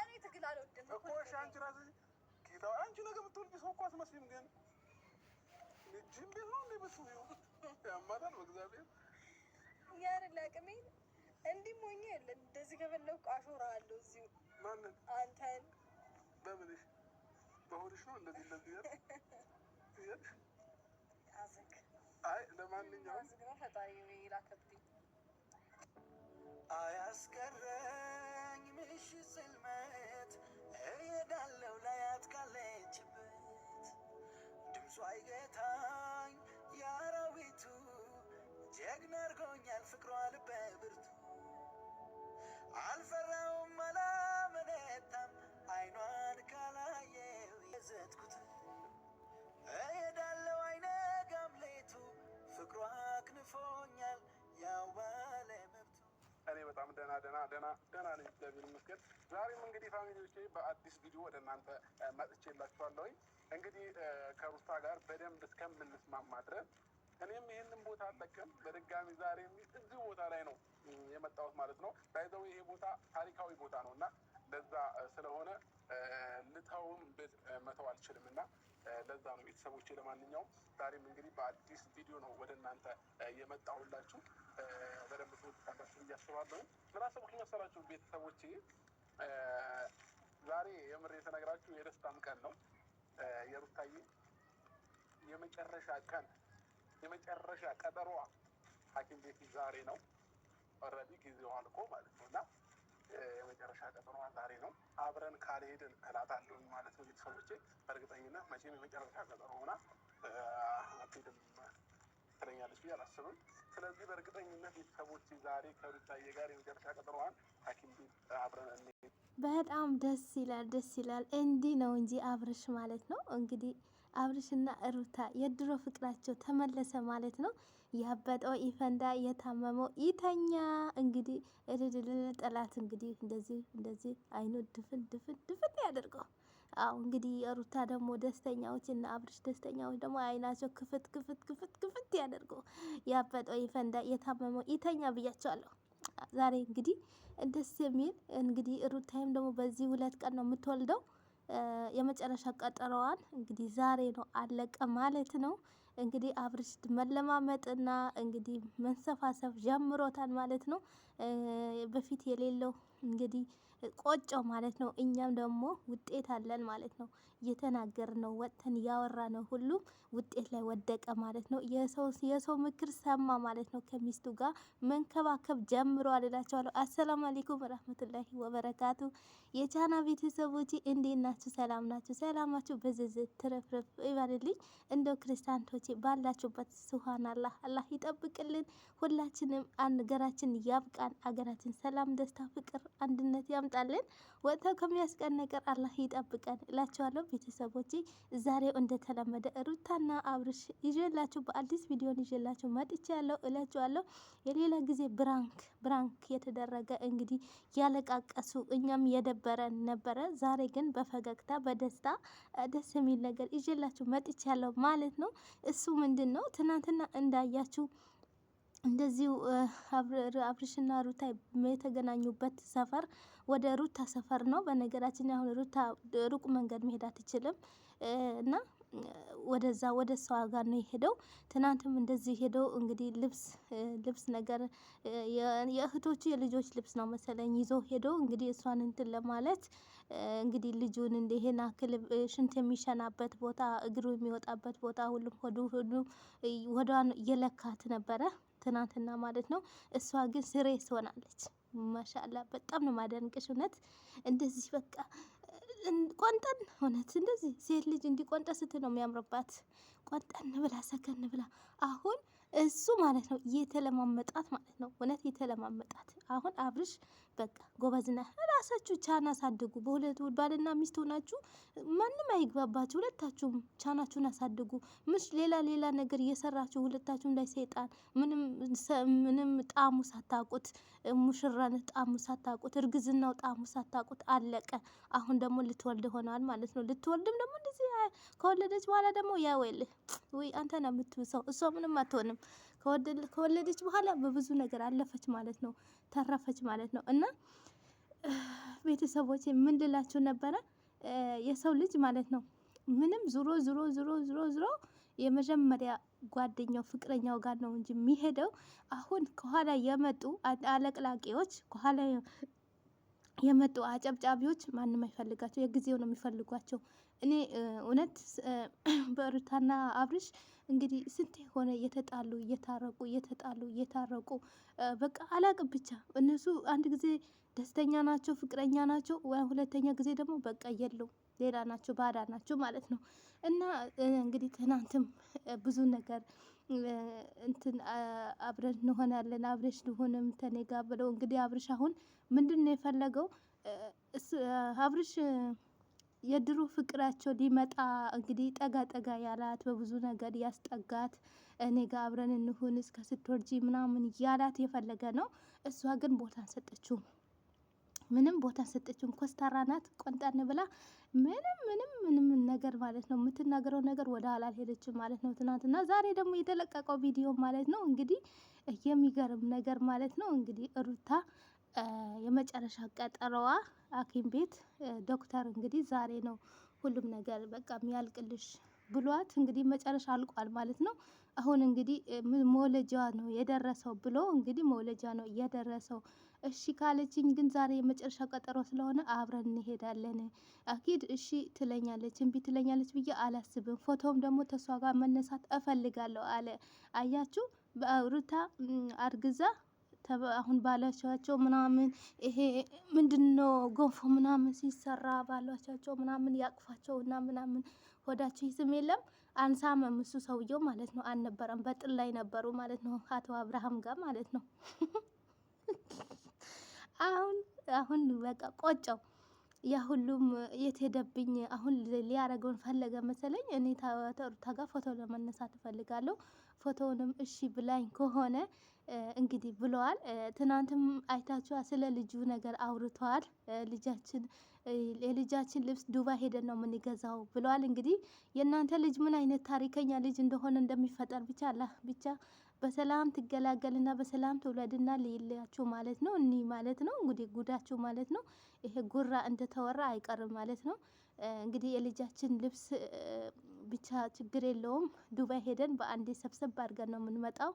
እኔ ትግል አልወድም እኮ እሺ። አንቺ ራስሽ ጌታ አንቺ ነገ የምትወልጂ ሰው እኮ አትመስሊም። ግን ልጅ እንዴት ነው እንዴ መስሉ ያማታል። በእግዚአብሔር ያን ለቅሜ እንዲህ ሞኝ የለ እንደዚህ ከፈለኩ አሾራ አለው እዚሁ ማንን አንተን በምንሽ በሆድሽ ነው እንደዚህ እንደዚህ ያል አይ ለማንኛውም ፈጣሪ ላከብኝ ሽ ጽልመት እሄዳለሁ ላያት ካለችበት ድምፁ አይገታኝ የአራዊቱ ጀግና አድርጎኛል ፍቅሯ ልበ ብርቱ አልፈራውም አላመነታም አይኗን ካላየው የዘትኩት ደና ደና ደና ነኝ፣ እግዚአብሔር ይመስገን። ዛሬም እንግዲህ ፋሚሊዎቼ በአዲስ ቪዲዮ ወደ እናንተ መጥቼላችኋለሁኝ። እንግዲህ ከሩታ ጋር በደንብ እስከምንስማማ ድረስ እኔም ይህንን ቦታ አለቅም። በድጋሚ ዛሬ እዚህ ቦታ ላይ ነው የመጣሁት ማለት ነው። ባይዘው ይሄ ቦታ ታሪካዊ ቦታ ነው እና ለዛ ስለሆነ ልተውም ብል መተው አልችልም እና ለዛ ነው ቤተሰቦች። ለማንኛውም ዛሬም እንግዲህ በአዲስ ቪዲዮ ነው ወደ እናንተ የመጣሁላችሁ። በደንብ ትወጣላችሁ እያስባለሁ። ምን አሰብኩኝ መሰላችሁ ቤተሰቦች፣ ዛሬ የምር የተነግራችሁ የደስታም ቀን ነው። የሩታዬ የመጨረሻ ቀን የመጨረሻ ቀጠሯ ሐኪም ቤት ዛሬ ነው። ኦልሬዲ ጊዜው አልቆ ማለት ነው እና የመጨረሻ ቀጠሮ ዛሬ ነው። አብረን ካልሄድን እላታለሁ ማለት ነው። ቤተሰቦቼ በእርግጠኝነት መቼም የመጨረሻ ቀጠሮ ሆና አትሄድም ትለኛለች ብዬ አላስብም። ስለዚህ በእርግጠኝነት ቤተሰቦች ዛሬ ከሩታዬ ጋር የመጨረሻ ቀጠሮዋን ሐኪም ቤት አብረን እንሄድ። በጣም ደስ ይላል፣ ደስ ይላል። እንዲህ ነው እንጂ አብርሽ ማለት ነው። እንግዲህ አብርሽና ሩታ የድሮ ፍቅራቸው ተመለሰ ማለት ነው። ያበጠው ይፈንዳ፣ የታመመው ይተኛ። እንግዲህ ጠላት እንግዲህ እንደዚህ እንደዚህ አይኑ ድፍን ድፍን ድፍን ያደርገው። አሁ እንግዲህ የሩታ ደግሞ ደስተኛዎች እና አብርሽ ደስተኛዎች ደግሞ አይናቸው ክፍት ክፍት ክፍት ክፍት ያደርገው። ያበጠው ይፈንዳ፣ የታመመው ይተኛ ብያቸዋለሁ። ዛሬ እንግዲህ ደስ የሚል እንግዲህ ሩታይም ደግሞ በዚህ ሁለት ቀን ነው የምትወልደው። የመጨረሻ ቀጠሮዋን እንግዲህ ዛሬ ነው አለቀ ማለት ነው። እንግዲህ አብርሽ መለማመጥና እንግዲህ መንሰፋሰፍ ጀምሮታል ማለት ነው። በፊት የሌለው እንግዲህ ቆጮ ማለት ነው። እኛም ደግሞ ውጤት አለን ማለት ነው። እየተናገር እየተናገርነው ወጥተን ነው። ሁሉም ውጤት ላይ ወደቀ ማለት ነው። የሰው ምክር ሰማ ማለት ነው። ከሚስቱ ጋር መንከባከብ ጀምሮ አልላቸዋለሁ። አሰላሙ አሌይኩም ወረህመቱላሂ ወበረካቱ። የቻና ቤተሰቦች እንዴት ናችሁ? ሰላም ናችሁ? ሰላማችሁ በዝዝት ትረፍረፍ ይበልልኝ። እንደው ክርስቲያንቶች ባላችሁበት ስብሃን አላህ አላህ ይጠብቅልን። ሁላችንም አገራችን ያብቃን። አገራችን ሰላም፣ ደስታ፣ ፍቅር፣ አንድነት ያምጣ ያውጣልን። ወጥተው ከሚያስቀን ነገር አላህ ይጠብቀን እላችኋለሁ። ቤተሰቦች ዛሬው እንደተለመደ ሩታና አብርሽ ይዤላችሁ በአዲስ ቪዲዮን ይዤላችሁ መጥቼ ያለው የሌላ ጊዜ ብራንክ ብራንክ የተደረገ እንግዲህ ያለቃቀሱ እኛም የደበረን ነበረ። ዛሬ ግን በፈገግታ በደስታ ደስ የሚል ነገር ይዤላችሁ መጥቼ ያለው ማለት ነው። እሱ ምንድን ነው ትናንትና እንዳያችሁ እንደዚሁ አብርሽና ሩታ የተገናኙበት ሰፈር ወደ ሩታ ሰፈር ነው። በነገራችን አሁን ሩታ ሩቅ መንገድ መሄድ አትችልም እና ወደዛ ወደ ሰው ጋር ነው የሄደው። ትናንትም እንደዚህ ሄደው እንግዲህ ልብስ ልብስ ነገር የእህቶቹ የልጆች ልብስ ነው መሰለኝ ይዞ ሄዶ እንግዲህ እሷን እንትን ለማለት እንግዲህ ልጁን እንደ ይሄን አክል ሽንት የሚሸናበት ቦታ እግሩ የሚወጣበት ቦታ ሁሉም ሆዱ ሁሉ ወዷን እየለካት ነበረ ትናንትና ማለት ነው። እሷ ግን ስሬስ ሆናለች። ማሻላ በጣም ነው ማደንቅሽ። እውነት እንደዚህ በቃ ቆንጠን እውነት እንደዚህ ሴት ልጅ እንዲህ ስትል ነው የሚያምርባት። ቆንጠን ብላ ሰከን ብላ አሁን እሱ ማለት ነው የተለማመጣት ማለት ነው። እውነት የተለማመጣት አሁን አብርሽ በቃ ጎበዝና ራሳችሁ ቻና አሳድጉ። በሁለት ባልና ሚስት ሆናችሁ ማንም አይግባባችሁ። ሁለታችሁም ቻናችሁን አሳድጉ። ምሽ ሌላ ሌላ ነገር እየሰራችሁ ሁለታችሁም ላይ ሰይጣን ምንም ጣሙ ሳታቁት፣ ሙሽራን ጣሙ ሳታቁት፣ እርግዝናው ጣሙ ሳታቁት አለቀ። አሁን ደግሞ ልትወልድ ሆነዋል ማለት ነው። ልትወልድም ደግሞ እንደዚ ከወለደች በኋላ ደግሞ ያው ወይ አንተ ነው የምትውሰው። እሷ ምንም አትሆንም። ከወለደች በኋላ በብዙ ነገር አለፈች ማለት ነው፣ ተረፈች ማለት ነው። እና ቤተሰቦች ምን ልላችሁ ነበረ? የሰው ልጅ ማለት ነው ምንም ዙሮ ዙሮ ዙሮ ዙሮ ዙሮ የመጀመሪያ ጓደኛው ፍቅረኛው ጋር ነው እንጂ የሚሄደው። አሁን ከኋላ የመጡ አለቅላቂዎች ከኋላ የመጡ አጨብጫቢዎች ማንም አይፈልጋቸው፣ የጊዜው ነው የሚፈልጓቸው። እኔ እውነት በሩታና አብርሽ እንግዲህ ስንት የሆነ እየተጣሉ እየታረቁ እየተጣሉ እየታረቁ በቃ አላቅም ብቻ እነሱ አንድ ጊዜ ደስተኛ ናቸው፣ ፍቅረኛ ናቸው፣ ሁለተኛ ጊዜ ደግሞ በቃ የለው ሌላ ናቸው፣ ባዳ ናቸው ማለት ነው። እና እንግዲህ ትናንትም ብዙ ነገር እንትን አብረን እንሆናለን አብረሽ ልሆንም ተኔጋ ብለው እንግዲህ አብርሽ አሁን ምንድን ነው የፈለገው? አብርሽ የድሮ ፍቅራቸው ሊመጣ እንግዲህ ጠጋ ጠጋ ያላት በብዙ ነገር ያስጠጋት እኔ ጋር አብረን እንሁን እስከ ስትወርጂ ምናምን ያላት የፈለገ ነው። እሷ ግን ቦታ አልሰጠችውም። ምንም ቦታ ሰጠችም። ኮስታራ ናት፣ ቆንጠን ብላ ምንም ምንም ምንም ነገር ማለት ነው የምትናገረው ነገር ወደ ኋላ አልሄደችም ማለት ነው። ትናንትና ዛሬ ደግሞ የተለቀቀው ቪዲዮ ማለት ነው እንግዲህ የሚገርም ነገር ማለት ነው እንግዲህ ሩታ የመጨረሻ ቀጠሮዋ ሐኪም ቤት ዶክተር እንግዲህ ዛሬ ነው ሁሉም ነገር በቃ የሚያልቅልሽ ብሏት እንግዲህ መጨረሻ አልቋል ማለት ነው። አሁን እንግዲህ መውለጃ ነው የደረሰው ብሎ እንግዲህ መውለጃ ነው የደረሰው እሺ ካለችኝ ግን ዛሬ የመጨረሻ ቀጠሮ ስለሆነ አብረን እንሄዳለን አኪድ እሺ ትለኛለች፣ እምቢ ትለኛለች ብዬ አላስብም። ፎቶም ደግሞ ተሷ ጋር መነሳት እፈልጋለሁ አለ። አያችሁ በአውርታ አርግዛ አሁን ባሏቸው ምናምን ይሄ ምንድን ነው ጎንፎ ምናምን ሲሰራ ባሏቸው ምናምን ያቅፋቸው እና ምናምን ሆዳቸው ይስም የለም አንሳመም። እሱ ሰውየው ማለት ነው አልነበረም። በጥል ላይ ነበሩ ማለት ነው፣ አቶ አብርሃም ጋር ማለት ነው። አሁን አሁን በቃ ቆጨው። ያ ሁሉም የት ሄደብኝ? አሁን ሊያረገውን ፈለገ መሰለኝ። እኔ ተሩታ ጋር ፎቶ ለመነሳት እፈልጋለሁ። ፎቶውንም እሺ ብላኝ ከሆነ እንግዲህ ብለዋል። ትናንትም አይታችኋ ስለ ልጁ ነገር አውርተዋል። ልጃችን የልጃችን ልብስ ዱባይ ሄደን ነው የምንገዛው ብለዋል። እንግዲህ የእናንተ ልጅ ምን አይነት ታሪከኛ ልጅ እንደሆነ እንደሚፈጠር ብቻ አላህ ብቻ በሰላም ትገላገልና በሰላም ትውለድና ልይለያችሁ ማለት ነው። እኒ ማለት ነው እንግዲህ ጉዳችሁ ማለት ነው። ይሄ ጉራ እንደተወራ አይቀርም ማለት ነው። እንግዲህ የልጃችን ልብስ ብቻ ችግር የለውም። ዱባይ ሄደን በአንዴ ሰብሰብ አድርገን ነው የምንመጣው።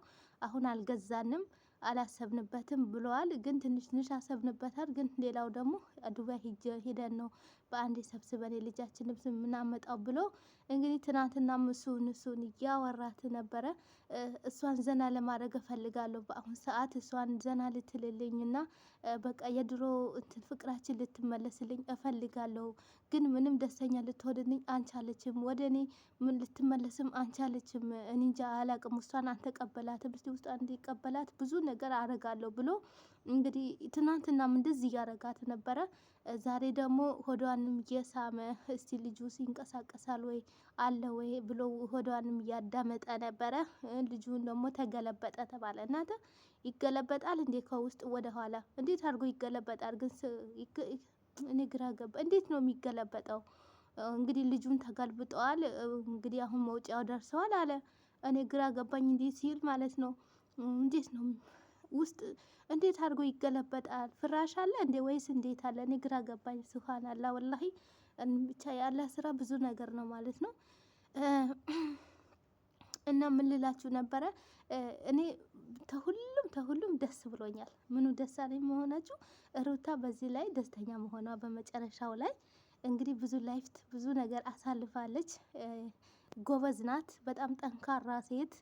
አሁን አልገዛንም። አላሰብንበትም ብለዋል። ግን ትንሽ ትንሽ አሰብንበታል። ግን ሌላው ደግሞ ዱባይ ሄደን ነው በአንድ ሰብስበን የልጃችን ልብስ የምናመጣው ብሎ እንግዲህ ትናንትና ምሱን እሱን እያወራት ነበረ። እሷን ዘና ለማድረግ እፈልጋለሁ በአሁን ሰዓት እሷን ዘና ልትልልኝ ልትልልኝና በቃ የድሮ እንትን ፍቅራችን ልትመለስልኝ እፈልጋለሁ። ግን ምንም ደስተኛ ልትሆንልኝ አንቻለችም። ወደ እኔ ምን ልትመለስም አንቻለችም። እንጃ አላቅም። ውስጧን አንተቀበላትም። ውስጧን እንዲቀበላት ብዙ ነገር አረጋለሁ ብሎ እንግዲህ ትናንትናም እንደዚህ እያረጋት ነበረ። ዛሬ ደግሞ ሆዷንም እየሳመ እስቲ ልጁ ሲንቀሳቀሳል ወይ አለ ወይ ብሎ ሆዷንም እያዳመጠ ነበረ። ልጁን ደግሞ ተገለበጠ ተባለ። እናተ ይገለበጣል እንዴ? ከውስጥ ወደኋላ እንዴት አድርጎ ይገለበጣል? ግን እኔ ግራ ገባ። እንዴት ነው የሚገለበጠው? እንግዲህ ልጁን ተገልብጠዋል። እንግዲህ አሁን መውጫው ደርሰዋል አለ። እኔ ግራ ገባኝ። እንዴት ሲል ማለት ነው እንዴት ነው ውስጥ እንዴት አድርጎ ይገለበጣል? ፍራሽ አለ እንዴ ወይስ እንዴት አለ? እኔ ግራ ገባኝ። ስብሃን አላህ ወላሂ። ብቻ ያለ ስራ ብዙ ነገር ነው ማለት ነው። እና ምን ልላችሁ ነበረ? እኔ ተሁሉም ተሁሉም ደስ ብሎኛል። ምኑ ደስ አለኝ መሆናችሁ ሩታ በዚህ ላይ ደስተኛ መሆኗ በመጨረሻው ላይ እንግዲህ ብዙ ላይፍት ብዙ ነገር አሳልፋለች። ጎበዝ ናት። በጣም ጠንካራ ሴት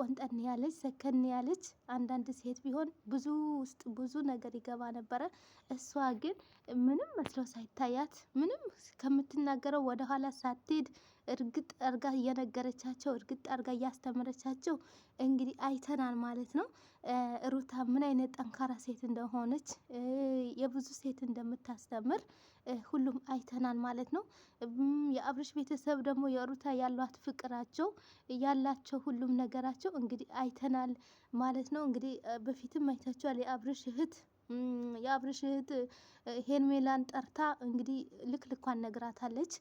ቆንጠን ያለች ሰከን ያለች አንዳንድ ሴት ቢሆን ብዙ ውስጥ ብዙ ነገር ይገባ ነበረ። እሷ ግን ምንም መስሎ ሳይታያት ምንም ከምትናገረው ወደ ኋላ ሳትሄድ እርግጥ አርጋ እየነገረቻቸው እርግጥ አርጋ እያስተምረቻቸው እንግዲህ አይተናል ማለት ነው። ሩታ ምን አይነት ጠንካራ ሴት እንደሆነች የብዙ ሴት እንደምታስተምር ሁሉም አይተናል ማለት ነው። የአብርሽ ቤተሰብ ደግሞ የሩታ ያሏት ፍቅራቸው ያላቸው ሁሉም ነገራቸው እንግዲህ አይተናል ማለት ነው። እንግዲህ በፊትም አይታችኋል የአብርሽ እህት የአብርሽ እህት ሄርሜላን ጠርታ እንግዲህ ልክ ልኳን ነግራታለች።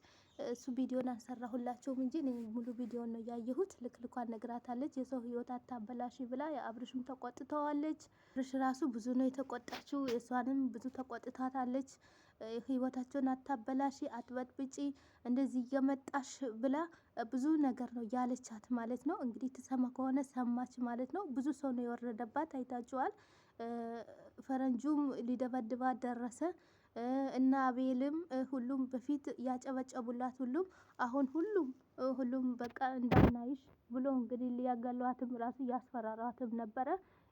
እሱ ቪዲዮን አልሰራሁላቸውም እንጂ እኔ ሙሉ ቪዲዮን ነው ያየሁት። ልክ ልኳን ነግራታለች። የሰው ህይወት አታበላሽ ብላ የአብርሽም ተቆጥተዋለች። አብርሽ ራሱ ብዙ ነው የተቆጣችው። የእሷንም ብዙ ተቆጥታታለች። ህይወታቸውን አታበላሽ፣ አትበጥብጪ፣ እንደዚህ እየመጣሽ ብላ ብዙ ነገር ነው ያለቻት ማለት ነው። እንግዲህ ትሰማ ከሆነ ሰማች ማለት ነው። ብዙ ሰው ነው የወረደባት አይታችኋል። ፈረንጁም ሊደበድባ ደረሰ እና አቤልም ሁሉም በፊት ያጨበጨቡላት ሁሉም አሁን ሁሉም ሁሉም በቃ እንዳናይሽ ብሎ እንግዲህ ሊያገሏትም ራሱ ያስፈራሯትም ነበረ።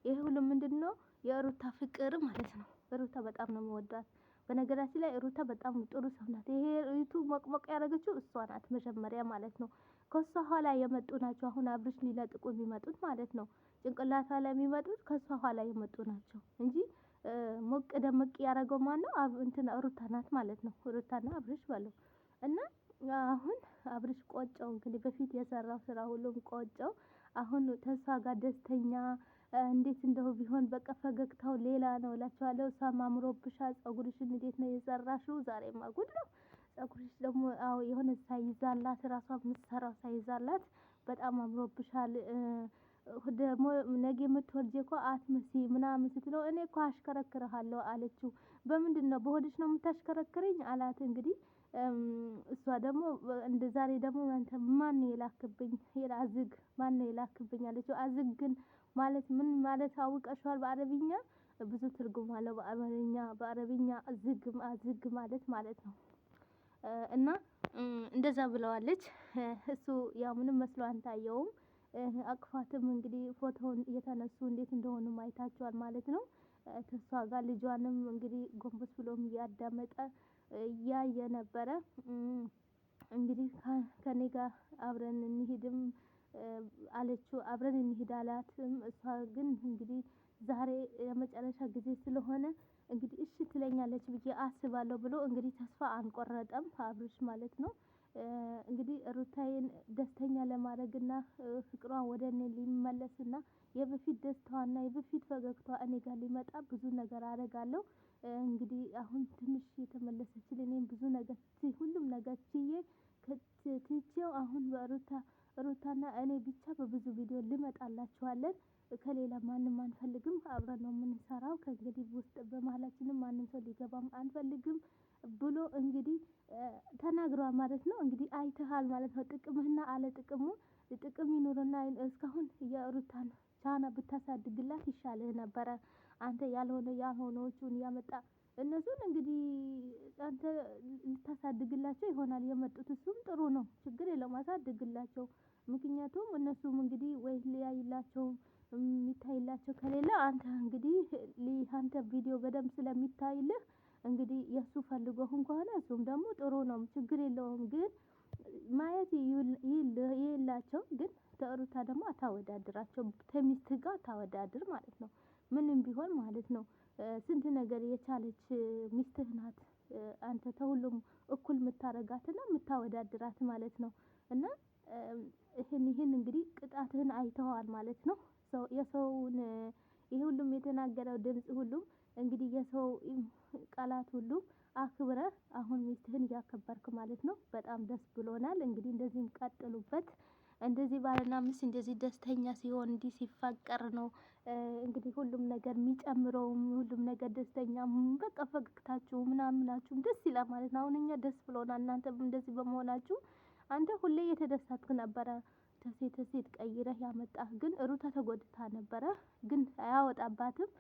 ይህ ሁሉ ምንድን ነው የሩታ ፍቅር ማለት ነው። ሩታ በጣም ነው መወዳት በነገራችን ላይ ሩታ በጣም ጥሩ ሰው ናት። ይሄ ሪቱ ሞቅሞቅ ያደረገችው እሷ ናት መጀመሪያ ማለት ነው። ከእሷ ኋላ የመጡ ናቸው። አሁን አብርሽ ሊለጥቁ የሚመጡት ማለት ነው። ጭንቅላቷ ላይ የሚመጡት ከእሷ ኋላ የመጡ ናቸው እንጂ ሞቅ ደመቅ ያደረገው ማን ነው? እንትን ሩታ ናት ማለት ነው። ሩታና አብርሽ ባለው እና አሁን አብርሽ ቆጨው። እንግዲህ በፊት የሰራው ስራ ሁሉም ቆጨው። አሁን ተስፋ ጋር ደስተኛ እንዴት እንደው ቢሆን በቃ ፈገግታው ሌላ ነው እላችኋለሁ። እሷም አምሮብሻል፣ ጸጉርሽን እንዴት ነው የሰራሽው? ዛሬ ጉድ ነው። ጸጉርሽ ደግሞ አዎ የሆነ ሳይዛላት ራሷ የምትሰራው ሳይዛላት በጣም አምሮብሻል። ደግሞ ነገ የምትወልጂ እኮ አትምሲ ምናምን ስትለው እኔ እኮ አሽከረክርሃለሁ አለችው። በምንድን ነው በሆድሽ ነው የምታሽከረክርኝ አላት። እንግዲህ እሷ ደግሞ እንደ ዛሬ ደግሞ አንተ ማን ነው የላክብኝ አዝግ ማን ነው የላክብኝ አለችው። አዝግ ግን ማለት ምን ማለት አውቀሽዋል? በአረብኛ ብዙ ትርጉም አለው። በአረብኛ በአረብኛ ዝግ ዝግ ማለት ማለት ነው። እና እንደዛ ብለዋለች። እሱ ያው ምንም መስሎ አንታየውም። አቅፋትም እንግዲህ ፎቶውን እየተነሱ እንዴት እንደሆኑ አይታችኋል ማለት ነው። ከሷ ጋር ልጇንም እንግዲህ ጎንበስ ብሎም እያዳመጠ እያየ ነበረ። እንግዲህ ከኔ ጋር አብረን እንሂድም አለችው። አብረን እንሂድ አላትም። እሷ ግን እንግዲህ ዛሬ የመጨረሻ ጊዜ ስለሆነ እንግዲህ እሺ ትለኛለች ብዬ አስባለሁ ብሎ እንግዲህ ተስፋ አንቆረጠም አብርሽ ማለት ነው። እንግዲህ ሩታዬን ደስተኛ ለማድረግና ፍቅሯ ወደ እኔ ሊመለስና የበፊት ደስታዋና የበፊት ፈገግቷ እኔ ጋር ሊመጣ ብዙ ነገር አደርጋለሁ። እንግዲህ አሁን ትንሽ የተመለሰችል እኔም ብዙ ነገር ሁሉም ነገር ትዬ ትቼው አሁን በሩታ ሩታና እኔ ብቻ በብዙ ቪዲዮ ልመጣላችኋለን። ከሌላ ማንም አንፈልግም። አብረን ነው የምንሰራው። ከእንግዲህ ውስጥ በመሀላችንም ማንም ሰው ሊገባም አንፈልግም ብሎ እንግዲህ ተናግሯል ማለት ነው። እንግዲህ አይተሃል ማለት ነው። ጥቅምህና አለ ጥቅሙ ጥቅም ይኑርና እስካሁን የሩታን ቻና ብታሳድግላት ይሻልህ ነበረ። አንተ ያልሆነ ያልሆነዎቹን ያመጣ እነሱን እንግዲህ አንተ ልታሳድግላቸው ይሆናል የመጡት። እሱም ጥሩ ነው፣ ችግር የለውም አሳድግላቸው። ምክንያቱም እነሱም እንግዲህ ወይ ሊያይላቸው የሚታይላቸው ከሌለ አንተ እንግዲህ አንተ ቪዲዮ በደንብ ስለሚታይልህ እንግዲህ የእሱ ፈልጎህም ከሆነ እሱም ደግሞ ጥሩ ነው፣ ችግር የለውም። ግን ማየት ይላቸው። ግን ተሩታ ደግሞ አታወዳድራቸው፣ ከሚስትህ ጋር አታወዳድር ማለት ነው፣ ምንም ቢሆን ማለት ነው። ስንት ነገር የቻለች ሚስትህ ናት። አንተ ተሁሉም እኩል የምታረጋትና የምታወዳድራት ማለት ነው። እና ይህን ይህን እንግዲህ ቅጣትህን አይተዋል ማለት ነው። የሰውን ይህ ሁሉም የተናገረው ድምፅ ሁሉም እንግዲህ የሰው ቃላት ሁሉም አክብረህ አሁን ሚስትህን እያከበርክ ማለት ነው። በጣም ደስ ብሎናል። እንግዲህ እንደዚህም ቀጥሉበት። እንደዚህ ባልና ሚስት እንደዚህ ደስተኛ ሲሆን እንዲህ ሲፋቀር ነው እንግዲህ ሁሉም ነገር የሚጨምረውም ሁሉም ነገር ደስተኛ በቃ ፈገግታችሁ ምናምናችሁም ደስ ይላል ማለት ነው። አሁን እኛ ደስ ብሎናል። እናንተ እንደዚህ በመሆናችሁ አንተ ሁሌ እየተደሰትክ ነበረ። ተሴት ሴት ቀይረህ ያመጣህ ግን ሩታ ተጎድታ ነበረ። ግን አያወጣባትም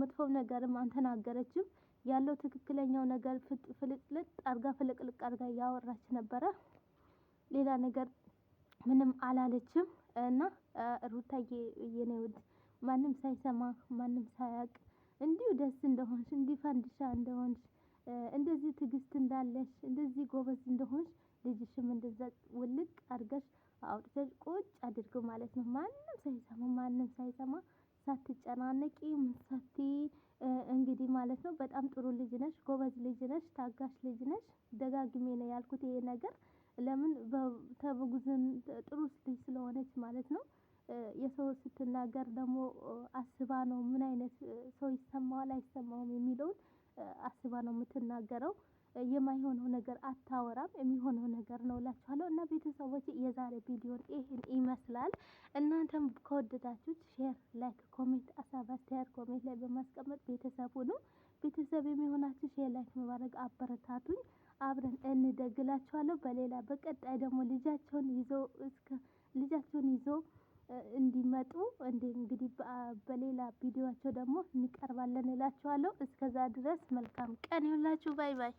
መጥፎም ነገርም አንተናገረችም። ያለው ትክክለኛው ነገር ፍልቅልቅ አርጋ ፍልቅልቅ አርጋ ያወራች ነበረ ሌላ ነገር ምንም አላለችም እና ሩታዬ የኔ ውድ ማንም ሳይሰማ ማንም ሳያውቅ እንዲሁ ደስ እንደሆንሽ እንዲህ ፈንድሻ እንደሆንሽ እንደዚህ ትዕግስት እንዳለሽ እንደዚህ ጎበዝ እንደሆንሽ ልጅሽም እንደዛ ውልቅ አድርገሽ አውጥተሽ ቁጭ አድርገው ማለት ነው። ማንም ሳይሰማ ማንም ሳይሰማ ሳትጨናነቂ ምሳቲ እንግዲህ ማለት ነው። በጣም ጥሩ ልጅ ነሽ፣ ጎበዝ ልጅ ነሽ፣ ታጋሽ ልጅ ነሽ። ደጋግሜ ነው ያልኩት ይሄ ነገር ለምን ተጉዝን ጥሩ ልጅ ስለሆነች ማለት ነው። የሰው ስትናገር ደግሞ አስባ ነው ምን አይነት ሰው ይሰማዋል አይሰማውም የሚለውን አስባ ነው የምትናገረው። የማይሆነው ነገር አታወራም፣ የሚሆነው ነገር ነው እላችኋለሁ። እና ቤተሰቦች የዛሬ ቪዲዮን ይህን ይመስላል። እናንተም ከወደዳችሁት ሼር፣ ላይክ፣ ኮሜንት አሳብ አስተያየት ኮሜንት ላይ በማስቀመጥ ቤተሰቡ ነው ቤተሰብ የሚሆናችሁ ሼር፣ ላይክ በማድረግ አበረታቱኝ። አብረን እንደግላቸዋለሁ። በሌላ በቀጣይ ደግሞ ልጃቸውን ይዘው እስከ ልጃቸውን ይዘው እንዲመጡ እንግዲህ በሌላ ቪዲዮቸው ደግሞ እንቀርባለን እላቸዋለሁ። እስከዛ ድረስ መልካም ቀን ይሁንላችሁ። ባይ ባይ